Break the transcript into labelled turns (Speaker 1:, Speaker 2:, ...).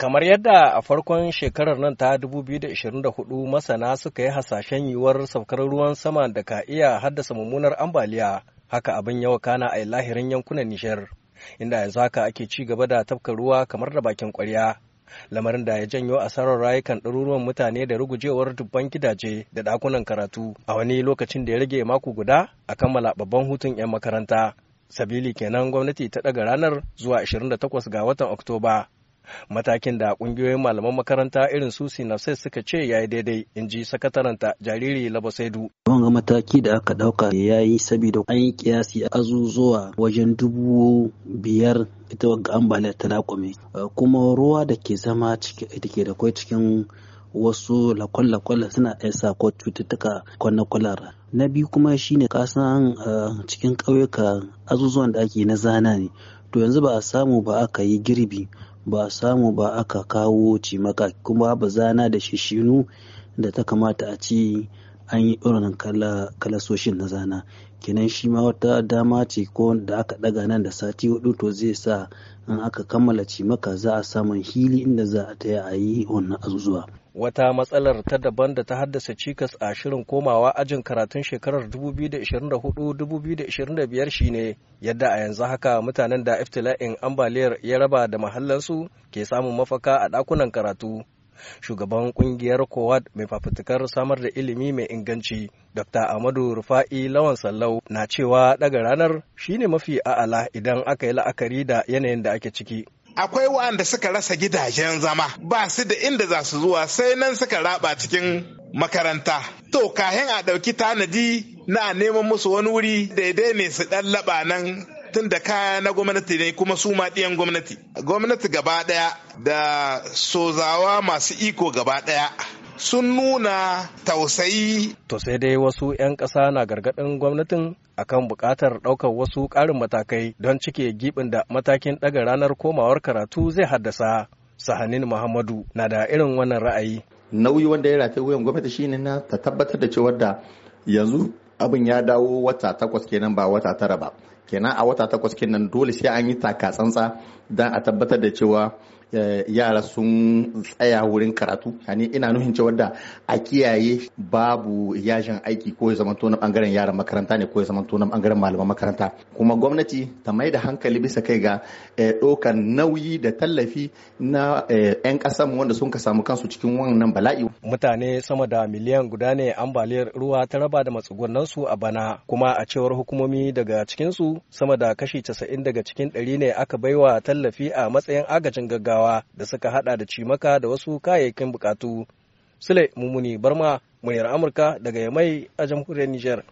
Speaker 1: Kamar yadda a farkon shekarar nan ta 2024 masana suka yi hasashen yiwuwar saukar ruwan sama da ka iya haddasa mummunar ambaliya, haka abin yawa kana a lahirin yankunan Nijar, inda yanzu haka ake ci gaba da tafka ruwa kamar da bakin kwarya. Lamarin da ya janyo asarar rayukan ɗaruruwan mutane da rugujewar dubban gidaje da ɗakunan karatu a wani lokacin da ya rage mako guda a kammala babban hutun 'yan makaranta. Sabili kenan gwamnati ta ɗaga ranar zuwa 28 ga watan Oktoba. matakin da kungiyoyin malaman makaranta irin su sai suka ce ya yi daidai in ji sakataranta jariri labasaidu
Speaker 2: wanga mataki da aka dauka ya yi saboda an yi kiyasi azuzuwa wajen dubu biyar ita wagga ambaliyar ta laƙume eh, kuma ruwa da ke zama da ke da kwai cikin wasu lakwal-lakwal suna ɗaya sa ko cututtuka kwana na biyu kuma shine kasan eh, cikin ƙauyuka azuzuwan da ake na zana ne to yanzu ba a samu ba aka yi girbi ba samu ba aka kawo cimaka kuma ba zana da shishinu da ta kamata a ci an yi irin kalasoshin na zana kenan shi ma wata dama ce ko da aka daga nan da sati hudu to zai sa in aka kammala cimaka za a samun hili inda za a taya a yi wannan azuzuwa
Speaker 1: wata matsalar ta daban da ta haddasa cikas a shirin komawa ajin karatun shekarar 2024-2025 shine yadda a yanzu haka mutanen da iftila'in ambaliyar ya raba da mahallansu ke samun mafaka a ɗakunan karatu shugaban kungiyar kowad mai fafutukar samar da ilimi mai inganci dr amadu rufa'i lawan sallau na cewa daga ranar shine mafi a'ala idan aka yi la'akari da yanayin da ake ciki
Speaker 3: akwai waɗanda suka rasa gidajen zama ba su da inda za su zuwa sai nan suka raba cikin makaranta to kahin a ɗauki tanadi na neman musu wani wuri daidai ne su ɗan laɓa nan tun da kaya na gwamnati ne kuma su ma ɗiyan gwamnati gwamnati gaba ɗaya da sozawa masu iko gaba ɗaya sun nuna tausayi.
Speaker 1: To sai dai wasu 'yan ƙasa na gargaɗin gwamnatin akan buƙatar ɗaukar wasu ƙarin matakai don cike giɓin da matakin ɗaga ranar komawar karatu zai haddasa. Sahanin Muhammadu na da irin wannan ra'ayi.
Speaker 4: Nauyi wanda ya rataye wuyan gwamnati shine na ta tabbatar da cewar da yanzu abin ya dawo wata takwas kenan ba wata tara ba kenan a wata takwas kenan dole sai an yi taka tsantsa don a tabbatar da cewa eh, yara sun tsaya wurin karatu yani ina nuhin cewa da a kiyaye babu yajin aiki ko ya zama na bangaren yaran makaranta ne ko ya zama na bangaren malaman makaranta kuma gwamnati ta mai da hankali bisa kai ga eh, ɗaukar nauyi da tallafi na 'yan eh, ƙasanmu wanda sun ka samu kansu cikin wannan bala'i
Speaker 1: mutane sama da miliyan guda ne ambaliyar ruwa ta raba da matsugunan su a bana kuma a cewar hukumomi daga cikinsu sama da kashi casa'in daga cikin ɗari ne aka baiwa tallafi a matsayin agajin gaggawa da suka hada da cimaka da wasu kayayyakin bukatu. Sule Mumuni Barma, muryar Amurka daga Yamai a jamhuriyar Nijar.